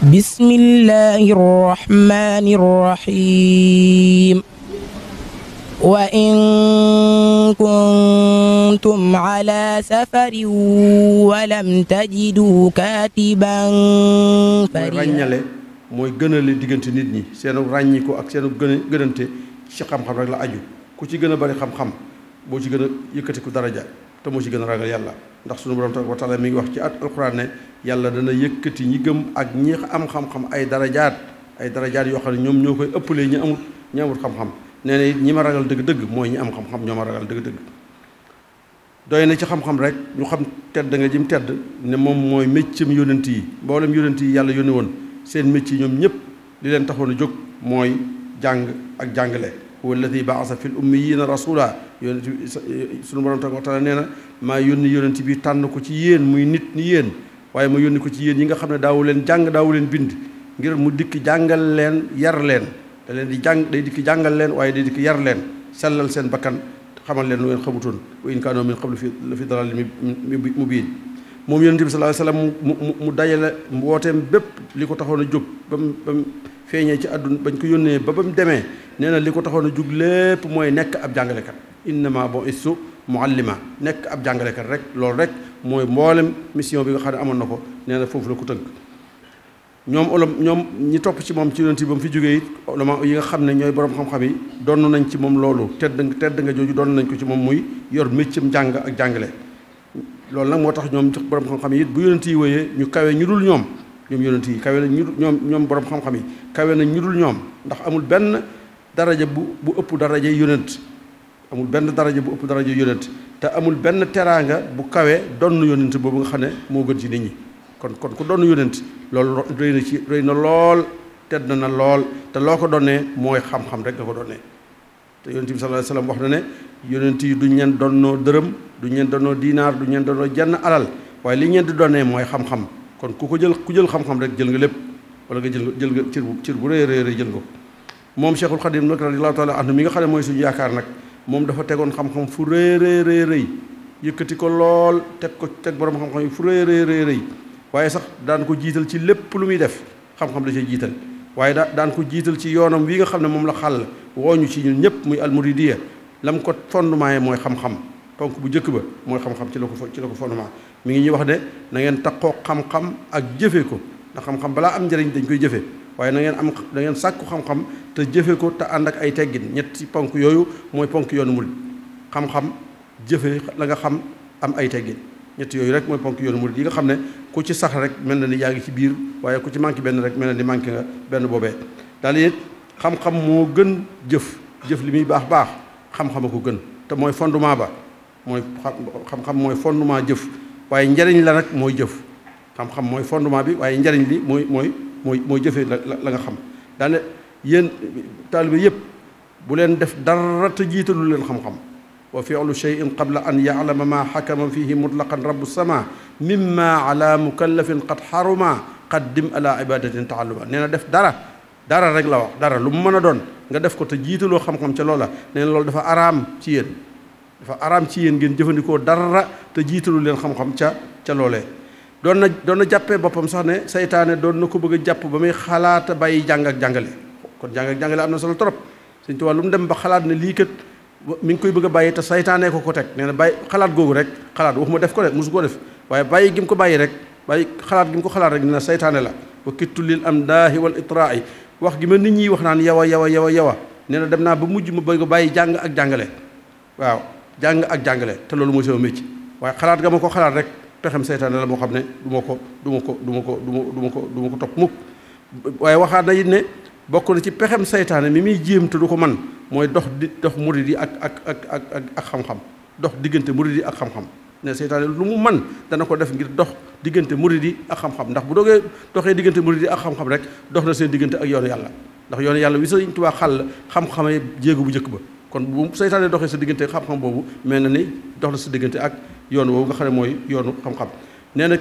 بسم الله الرحمن الرحيم وإن كنتم على سفر ولم تجدوا كاتبا فريقا ràññale mooy gënale diggante nit ñi seenu ràññiku ak seenu gën gënante ci xam-xam rek la aju ku ci gën a bari xam-xam boo ci gën a yëkkatiku daraja te moo ci gën a ragal yàlla ndax suñu borom tabaaraka wa taala mi ngi wax ci at alquran ne yàlla dana yëkkati ñi gëm ak ñi am xam-xam ay darajaat ay darajaat yoo xam ne ñoom ñoo koy ëppalee ñi amul ñi amul xam-xam nee na ñi ma ragal dëgg-dëgg mooy ñi am xam-xam ñoo ma ragal dëgg-dëgg doy na ci xam-xam rek ñu xam tedd nga jim tedd ne moom mooy méccam yónent yi mboolem yónent yi yàlla yónni woon seen mécc yi ñoom ñëpp li leen taxoon a jóg mooy jàng ak jàngale huwa alladi baasa fi l yonent bi eh, sunu borom tabaaraka wa taala nee na maa yónni yonent bi tànn ko ci yéen muy nit ni yéen waaye ma yónni ko ci yéen yi nga xam ne daawu leen jàng daawu leen bind ngir mu dikk jàngal leen yar leen da leen di jàng day dikk jàngal leen waaye day dikk yar leen sellal seen bakkan xamal leen lu ngeen xamutoon wa in kaanoo min qablu fi fi dalal mubiin moom yonent bi sa alayhi wasallam mu mu mu dajale mbooteem bépp li ko taxoon a jóg ba mu ba mu feeñee ci àdduna bañ ko yónnee ba ba mu demee nee na li ko taxoon a jóg lépp mooy nekk ab jàngalekat innama bon istu muallima nekk ab jàngalekat rek loolu rek mooy mboolem mission bi nga xam ne amoon na ko nee foofu la ko tënk ñoom olom ñoom ñi topp ci moom ci yonent ba mu fi jógee it olama yi nga xam ne ñooy borom xam-xam yi nañ ci moom loolu tedd tedd nga jooju donn nañ ko ci moom muy yor méccam jàng ak jàngale loolu nag moo tax ñoom borom xam-xam it bu yonent yi wéyee ñu kawe ñu dul ñoom ñoom yonent yi nañ ñu ñoom ñoom borom xam-xam yi kawe nañ ñu dul ñoom ndax amul benn daraja bu bu ëpp daraja yonent amul benn daraja bu ëpp daraja yonent te amul benn teraanga bu kawe donn yonent boobu nga xam ne moo gën ci nit ñi kon kon ku donn yonent loolu rëy na ci rëy na lool tedd na na lool te loo ko donnee mooy xam-xam rek nga ko donnee te yonent bi sallallahu alayhi wasallam wax na ne yonent yi duñ leen donnoo dërëm duñ leen donnoo diinaar du leen donnoo jenn alal waaye li ñeen di donnee mooy xam-xam kon ku ko jël ku jël xam-xam rek jël nga lépp wala nga jël nga jël nga cër bu cër bu rëy rëy jël ko moom Cheikhul Khadim nag radiyallahu taala mooy suñu yaakaar nag moom dafa tegoon xam-xam fu rëy rëy rëy yëkkati ko lool teg ko teg borom xam-xam yi fu rëy rëy rëy rëy waaye sax daan ko jiital ci lépp lu muy def xam-xam da cay jiital waaye daa daan ko jiital ci yoonam wi nga xam ne moom la xàll wooñu ci ñun ñëpp muy almuridiya lam ko fondement mooy xam-xam donc bu njëkk ba mooy xam-xam ci la ko ci la ko fondement mi ngi ñuy wax ne na ngeen taqoo xam-xam ak jëfe ko ndax xam-xam balaa am njëriñ dañ koy jëfe waaye na ngeen am da ngeen sàkku xam-xam te jëfe ko te ànd ak ay teggin ñetti ponk yooyu mooy ponk yoonu murid xam-xam jëfe la nga xam am ay teggin ñetti yooyu rek mooy ponk yoonu murid yi nga xam ne ku ci sax rek mel na ni yaa ngi ci biir waaye ku ci manqué benn rek mel na ni manqué nga benn boobee daal it xam-xam moo gën jëf jëf li muy baax baax xam-xam a ko gën te mooy fondement ba mooy xam-xam mooy fondement jëf waaye njariñ la nag mooy jëf xam-xam mooy fondement bi waaye njariñ li mooy mooy mooy mooy jëfee la la nga xam daane yéen taalibe yëpp bu leen def dara te jiitalu leen xam-xam wa fi'lu shay'in qabla an ya ya'lama ma xakama fihi mutlaqan rabu sama mimma ala mukallafin qad xaruma qaddim ala ibadatin taalluma nee na def dara dara rek la wax dara lu mu mën a doon nga def ko te jiitaloo xam-xam ca loola nee na loolu dafa araam ci yéen dafa araam ci yéen ngeen jëfandikoo dara te jiitalu leen xam-xam ca ca loolee doon na doon jàppee boppam sax ne saytaane doon na ko bëgg a jàpp ba muy xalaata bàyyi jàng ak jàngale kon jàng ak jàngale am na solo trop Sëñ Tuubaa mu dem ba xalaat ne lii kat mi ngi koy bëgg a bàyyi te saytaane ko ko teg nee na bàyyi xalaat googu rek xalaat waxuma def ko de mosu koo def waaye bàyyi gi ko bàyyi rek bàyyi xalaat gi mu ko xalaat rek nee na saytaane la wa kittu lil am daahi wal itrai wax gi ma nit ñi wax naan yawa yawa yawa yawa nee na dem naa ba mujj ma bëgg bàyyi jàng ak jàngale waaw jàng ak jàngale te loolu mooy sama métier waaye xalaat nga ma ko xalaat rek pexem seytaane la moo xam ne du ma ko duma ko duma ko du ma du ma ko topp mukk waaye waxaat na it ne bokk na ci pexem seytaane mi muy jéem te du ko man mooy dox di dox murid yi ak ak ak ak ak xam-xam dox diggante murid yi ak xam-xam seytaane lu mu man dana ko def ngir dox diggante murid yi ak xam ndax bu dogee doxee diggante murid yi ak xam-xam rek dox na seen diggante ak yoon yàlla ndax yoon yàlla wi sa Sëriñ Tuubaa xàll xam-xamee jéego bu njëkk ba kon bu seytaanee doxee sa diggante xam-xam boobu mel na ni dox na sa diggante ak yoon woowu nga xam ne mooy yoonu xam-xam nee na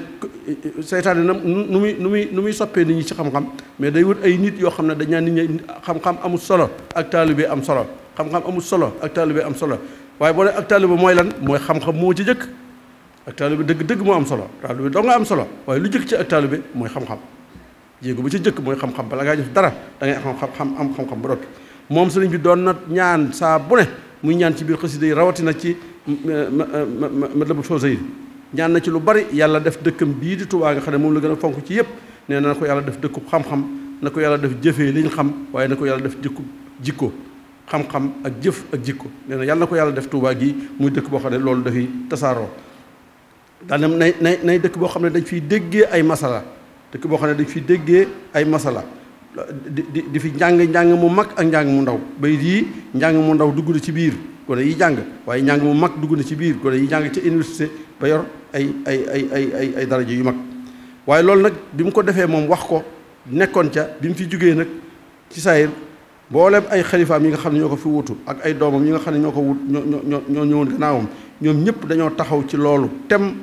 seytaane na nu muy nu muy nu muy soppee nit ñi ci xam-xam mais day wut ay nit yoo xam ne dañ naan nit ñi xam-xam amul solo ak taalibe am solo xam-xam amul solo ak taalibe am solo waaye boo ne ak taalibe mooy lan mooy xam-xam moo ci jëkk ak taalibe dëgg-dëgg moo am solo taalibe doo nga am solo waaye lu jëkk ci ak taalibe mooy xam-xam jéego bu ci jëkk mooy xam-xam bala ngaa def dara da ngay xam-xam am xam-xam ba doot moom sëriñ bi doon nag ñaan saa bu muy ñaan ci biir xasida yi rawatina ci mm, ma Matlabul Fawzayni ñaan na ci lu bari yàlla def dëkkam bii di Tuubaa nga xam ne moom la gën a fonk ci yépp nee na ko yàlla def dëkku xam-xam na ko yàlla def jëfee liñ xam waaye na ko yàlla def jëkkub jikko xam ak jëf ak jikko nee na yàlla ko yàlla def Tuubaa gi muy dëkk boo xam ne loolu dafay tasaaroo daanam nay nay nay dëkk boo xam ne dañ fiy déggee ay masala dëkk boo xam ne dañ fiy déggee ay masala di di fi njàng njàng mu mag ak njàng mu ndaw bay yii njàng mu ndaw dugg na ci biir gone yi jàng waaye njàng mu mag dugg na ci biir gone yi jàng ca université ba yor ay ay ay ay ay ay daraja yu mag waaye loolu nag bi mu ko defee moom wax ko nekkoon ca bi mu fi jógee nag ci saayir mboolem ay xalifaam yi nga xam ne ñoo ko fi wutu ak ay doomam yi nga xam ne ñoo ko wut ñoo ñoo ñoo ñëwoon gannaawam ñoom ñëpp dañoo taxaw ci loolu tem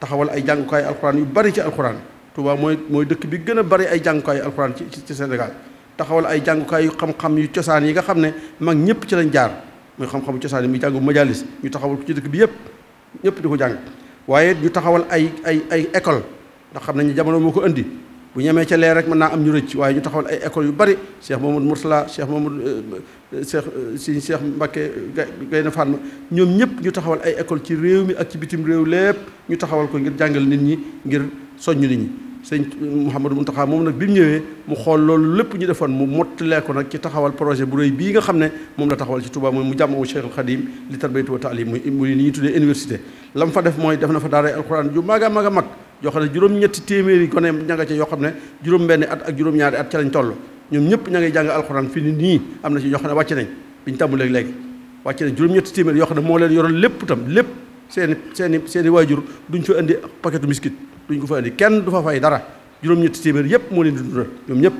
taxawal ay jàngukaay alxuraan yu bari ci alxuraan Touba mooy mooy dëkk bi gën a bari ay jàngukaayu alxuraan ci ci Sénégal taxawal ay jàngukaayu xam-xam yu cosaan yi nga xam ne mag ñëpp ci lañ jaar muy xam-xamu cosaan yi muy jàngu majalis ñu taxawal ko ci dëkk bi yëpp ñëpp di ko jàng waaye ñu taxawal ay ay ay école ndax xam nañu jamono moo ko indi bu ñemee ca leer rek mën naa am ñu rëcc waaye ñu taxawal ay école yu bari Cheikh Mamadou Moursala Cheikh Mamadou euh, euh, Cheikh euh, si Cheikh Mbacke Gaynde Fatma ñoom ñëpp ñu taxawal ay école ci réew mi ak ci bitim réew lépp ñu taxawal ko ngir jàngal nit ñi ngir soññ nit ñi sëñ Mouhamadou Mountakha moom nag bi mu ñëwee mu xool loolu lépp ñu defoon mu mottalee ko nag ci taxawal projet bu rëy bii nga xam ne moom la taxawal ci Touba mooy mu jàmmawu Cheikh al Khadim li tarbiyatu wa taalim muy muy mu fa def mooy def na fa daara alquran mag a mag a mag yoo xam ne juróom-ñetti téeméeri gone ña nga ca yoo xam ne juróom-benni at ak juróom-ñaari at ca lañ ñoom ñëpp ña ngay jàng alquran fi ni nii am na ci ñoo xam ne wàcc nañ biñ tàmbalee léegi wàcc nañ juróom-ñetti téeméeri yoo xam ne moo leen yoroon lépp lépp seeni seeni seeni waajur duñ fa indi paquetu miskit duñ ko fa indi kenn du fa fay dara juróom-ñetti téeméer yëpp moo leen di dundal ñoom ñëpp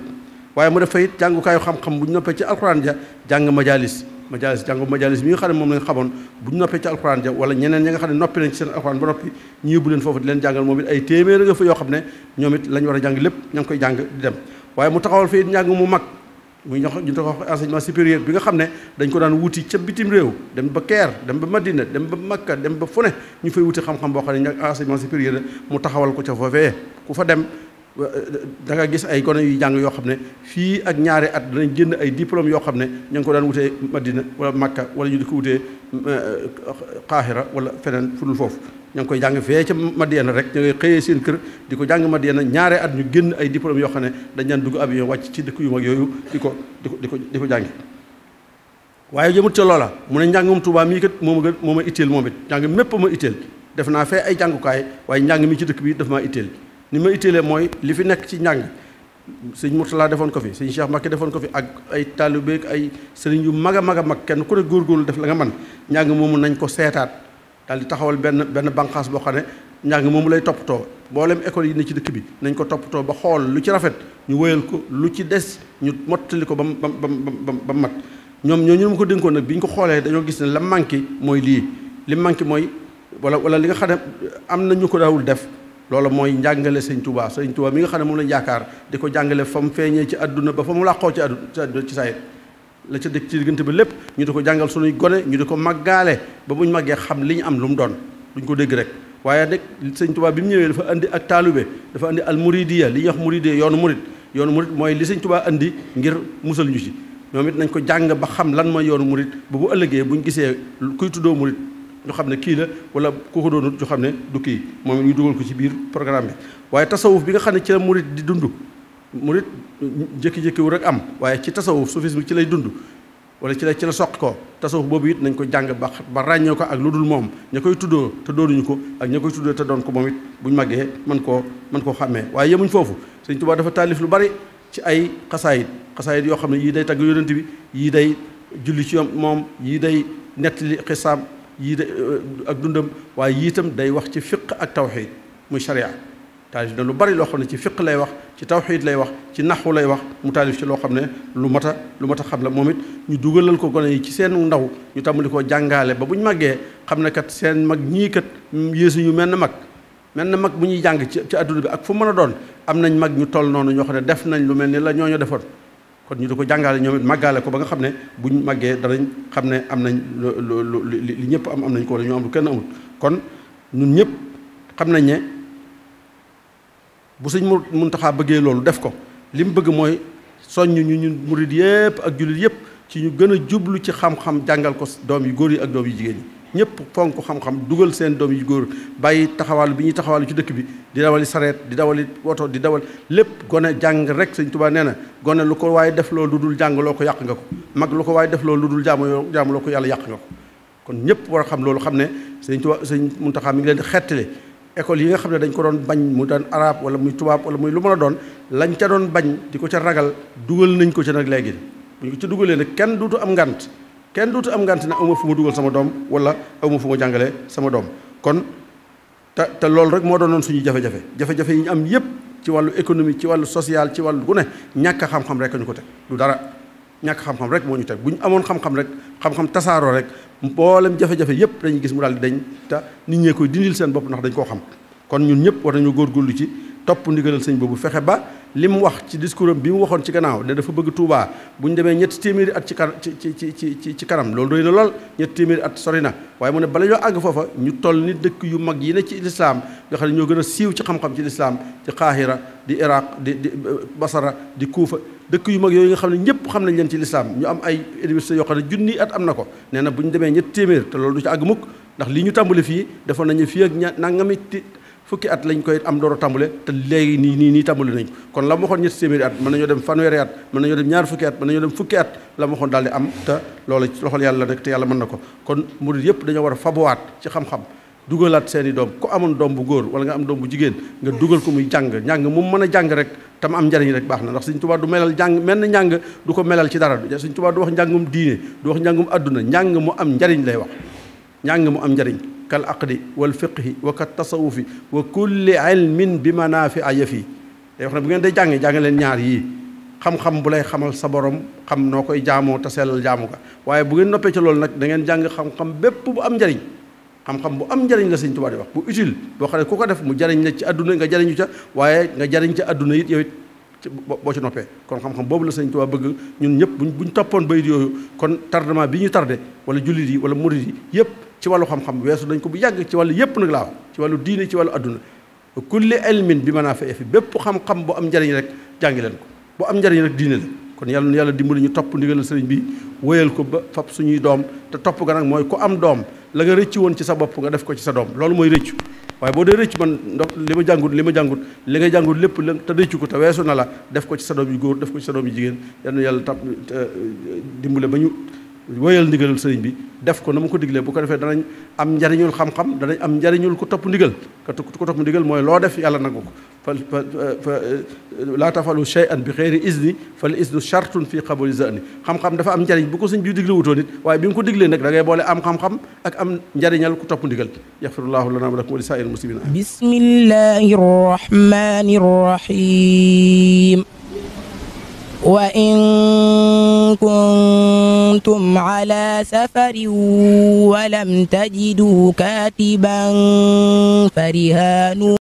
waaye mu def fa jàngukaayu xam-xam bu ñu noppee ci alxuraan ja jàng majalis majalis jàngu majalis bi nga xam ne moom lañ xamoon bu ñu noppee ci alxuraan ja wala ñeneen ñi nga xam ne noppi nañ ci seen alxuraan ba noppi ñu yóbbu leen foofu leen jàngal moom it ay téeméer nga fa yoo xam ne ñoom it lañ koy jàng muy ñox ñu tax wax enseignement supérieur bi nga xam ne dañ ko daan wuti ca bitim réew dem ba Caire dem ba Madina dem ba Makka dem ba fu ne ñu fay wuti xam-xam boo xam ne ñag enseignement supérieur mu taxawal ko ca foofee ku fa dem da nga gis ay gone yu jàng yoo xam ne fii ak ñaari at danañ génn ay diplôme yoo xam ne ña ngi ko daan wutee Madina wala Makka wala ñu di ko wutee euh, Qahira wala feneen fu dul foofu ña koy jàng fee ca Madiana rek ñu ngay xëyee seen kër di ko jàng Madiana ñaare at ñu génn ay diplôme yoo xam ne dañ daan dugg avion wàcc ci dëkk yu mag yooyu di ko di ko ko di ko jàngi waaye jëmut ca loola mu ne njàngum moom gën mooma itteel moom it njàng mépp ma itteel def naa fee ay jàngukaay waaye njàng mi ci dëkk bi daf maa itteel ni ma itteelee mooy li fi nekk ci njàng sëñ Murtala defoon ko fi sëñ Cheikh Mbacké defoon ko fi ak ay taalibe ay sëriñ yu mag a mag a mag kenn ku ne góorgóorlu def la nga man njàng moomu nañ ko seetaat daal di taxawal benn benn banqaas boo xam ne moom moomu lay toppatoo mboolem école yi ne ci dëkk bi nañ ko toppatoo ba xool lu ci rafet ñu wéyal ko lu ci des ñu mottali ko ba mu ba mu ba mat ñoom ñooñu ma ko dénkoon nag bi ñu ko xoolee dañoo gis ne la manqué mooy lii li manqué mooy wala wala li nga xam ne am na ñu ko daawul def loolu mooy njàngale sëñ Touba sëñ Touba mi nga xam ne moom lañ yaakaar di ko jàngale fa mu feeñee ci àdduna ba fa mu làqoo ci àdduna ci saa la ca dëkk ci diggante bi lépp ñu di ko jàngal sunuy gone ñu di ko màggaale ba buñ màggee xam li ñu am lu mu doon duñ ko dégg rek waaye nag sëñ Tuubaa bi mu ñëwee dafa indi ak taalube dafa andi al muridiya li ñuy wax muridiya yoonu murid yoonu murid mooy li sañ Tuubaa andi ngir musal ñu ñoom it nañ ko jàng ba xam lan mooy yoonu murid ba bu ëllëgee buñ gisee kuy tuddoo murid ñu xam ne kii la wala ku ko doonut ñu xam ne du kii moom ñu dugal ko ci biir programme bi waaye tasawuf bi nga xam ne ci la murid di murit jékki-jékkiwu rek am waaye ci tasawuf sufisme ci lay dund wala ci la ci la soq ko tasawuf boobu it nañ ko jàng ba ba ràññee ko ak lu dul moom ña koy tuddoo te doonuñu ko ak ña koy tuddoo te doon ko moom it buñ màggee mën koo mën koo xàmmee waaye yemuñ foofu sëñ Tuubaa dafa taalif lu bari ci ay xasaayit xasaayit yoo xam ne yii day tagg yonent bi yii day julli ci moom yii day nettali xisaam yii day euh, ak dundam waaye yii itam day wax ci fiq ak tawxiid muy taalif na lu bari loo xam ne ci fiq lay wax ci tawxiid lay wax ci naxu lay wax mu taalif ci loo xam ne lu mat a lu mat a xam la moom it ñu dugalal ko gone yi ci seen ndaw ñu tàmbali koo jàngaale ba bu ñu màggee xam ne kat seen mag ñii kat yéesu ñu mel ne mag mel na mag bu ñuy jàng ci ci adduna bi ak fu mën a doon am nañ mag ñu toll noonu ñoo xam ne def nañ lu mel ni la ñooñu defoon kon ñu di ko jàngale ñoom it màggaale ko ba nga xam ne buñ màggee danañ xam ne am nañ lu lu li ñëpp am am nañ ko lu kenn amul kon ñun ñëpp xam nañ ne bu sëñ Muntaxa bëggee loolu def ko li mu bëgg mooy soññ ñu ñun murit yépp ak jullit yépp ci ñu gën a jublu ci xam-xam jàngal ko doom yu góor yi ak doom yu jigéen yi ñëpp fonk xam-xam dugal seen doom yu góor bàyyi taxawal bi ñuy taxawal ci dëkk bi di dawali sareet di dawali woto di dawal lépp gone jàng rek sëñ Tuubaa nee na gone lu ko waaye def loo lu dul jàng loo ko yàq nga ko mag lu ko waaye def loo lu dul jaamu jaamu loo ko yàlla yàq nga ko kon ñëpp war a xam loolu xam ne sëñ Tuubaa sëñ Muntaxa mi ngi leen di école yi nga xam ne dañ ko doon bañ mu doon arab wala muy tubaab wala muy lu mën a doon lañ ca doon bañ di ko ca ragal dugal nañ ko ca nag léegi bu ñu ko ca dugalee nag kenn duutu am ngant kenn duutu am ngant ne awma fu ma dugal sama doom wala awma fu ma jàngalee sama doom kon te te loolu rek moo doonoon suñu jafe-jafe jafe-jafe yi ñu am yépp ci wàllu économie ci wàllu social ci wàllu gune ñàkk a xam-xam rek ñu ko teg du dara ñàkk xam-xam rek moo ñu teg bu ñu amoon xam-xam rek xam-xam tasaaroo rek mboolem jafe-jafe yépp dañuy gis mu daal di dañ te nit ñee koy dindil seen bopp ndax dañ koo xam kon ñun ñëpp war nañu góor lu ci topp ndigalal sëñ boobu fexe ba li mu wax ci discours am bi mu waxoon ci gannaaw ne dafa bëgg Touba bu ñu demee ñetti téeméeri at ci kan ci ci ci ci ci kanam loolu doy na lool ñetti téeméeri at sori na waaye mu ne bala ñoo àgg foofa ñu toll ni dëkk yu mag yi ne ci lislaam nga xam ne ñoo gën a siiw ci xam-xam ci lislaam ci Qahira di Iraq di di Basara di Kuufa dëkk yu mag yooyu nga xam ne ñëpp xam nañ leen ci lislaam ñu am ay université yoo xam ne junni at am na ko nee na bu ñu demee ñetti téeméer te loolu du ci àgg mukk ndax li ñu tàmbali fii defoon nañu fii ak ña nangami fukki at lañ koy am door a te léegi nii nii nii tàmbale nañ kon la ma waxoon ñetti téeméeri at mën nañoo dem fanweeri at mën nañoo dem ñaar fukki at mën nañoo dem fukki at la ma waxoon daal di am te loola loxol yàlla nag te yàlla mën na ko kon murid yëpp dañoo war a fabuwaat ci xam-xam dugalaat seeni doom ku amoon doom bu góor wala nga am doom bu jigéen nga dugal ko muy jàng njàng mu mën a jàng rek te ma am njariñ rek baax na ndax Sëñ Tuubaa du melal jàng mel na njàng du ko melal ci dara Sëñ Tuubaa du wax njàngum diine du wax njàngum adduna am njariñ lay wax njàng mu am njariñ kal aqdi wal fiqhi wa kat tasawufi wa kulli ilmin bi manaafi yafi day wax ne bu ngeen day jàngee jànge leen ñaar yii xam-xam bu lay xamal sa borom xam noo koy jaamoo te sellal jaamu ka waaye bu ngeen noppee ci loolu nag da ngeen jàng xam-xam bépp bu am njariñ xam-xam bu am njariñ la sëñ Tuubaa di wax bu utile boo xam ne ku ko def mu jariñ la ci àdduna nga jariñu ca waaye nga jariñ ca àdduna it yow it boo ci noppee kon xam-xam boobu la sëñ Tuubaa bëgg ñun ñëpp buñ buñ toppoon bayit yooyu kon bi ñu tardé wala jullit yi wala murit yëpp ci wàllu xam-xam weesu dañ ko bu yàgg ci wàllu yépp nag laa ci wàllu diine ci wàllu adduna kulli ilmin bi manaafi fi bépp xam-xam bu am njariñ rek jàngi leen ko bu am njariñ rek diine kon yàlla yàlla dimbali ñu topp ndigalal sëriñ bi wéyal ko ba fab suñuy doom te topp ga nag mooy ku am doom la nga rëcc woon ci sa bopp nga def ko ci sa doom loolu mooy rëccu waaye boo dee rëcc man ndox li ma li ma jàngut li nga jàngut lépp la te rëccu ko te weesu na def ko ci sa góor def ko sa doom jigéen yàlla yàlla tap dimbale ba ñu wéyal ndigalul sëriñ bi def ko na mu ko diglee bu ko defee danañ am njariñul xam-xam danañ am njariñul ku topp ndigal ku topp ndigal mooy loo def yàlla nangu ko fa fa eh, laa tafalu shay'an bi xeyri isni fal isnu shartun fi qabuli zani xam-xam dafa am njariñ bu ko sëñ bi digle wutoon it waaye bi mu ko diglee nag da ngay boole am xam-xam ak am njariñal ku topp ndigal yaxfirullahu lana wa lakum wa li saa'iril muslimin bismillahi rahmani rahim وإن كنتم على سفر ولم تجدوا كاتبا فرهان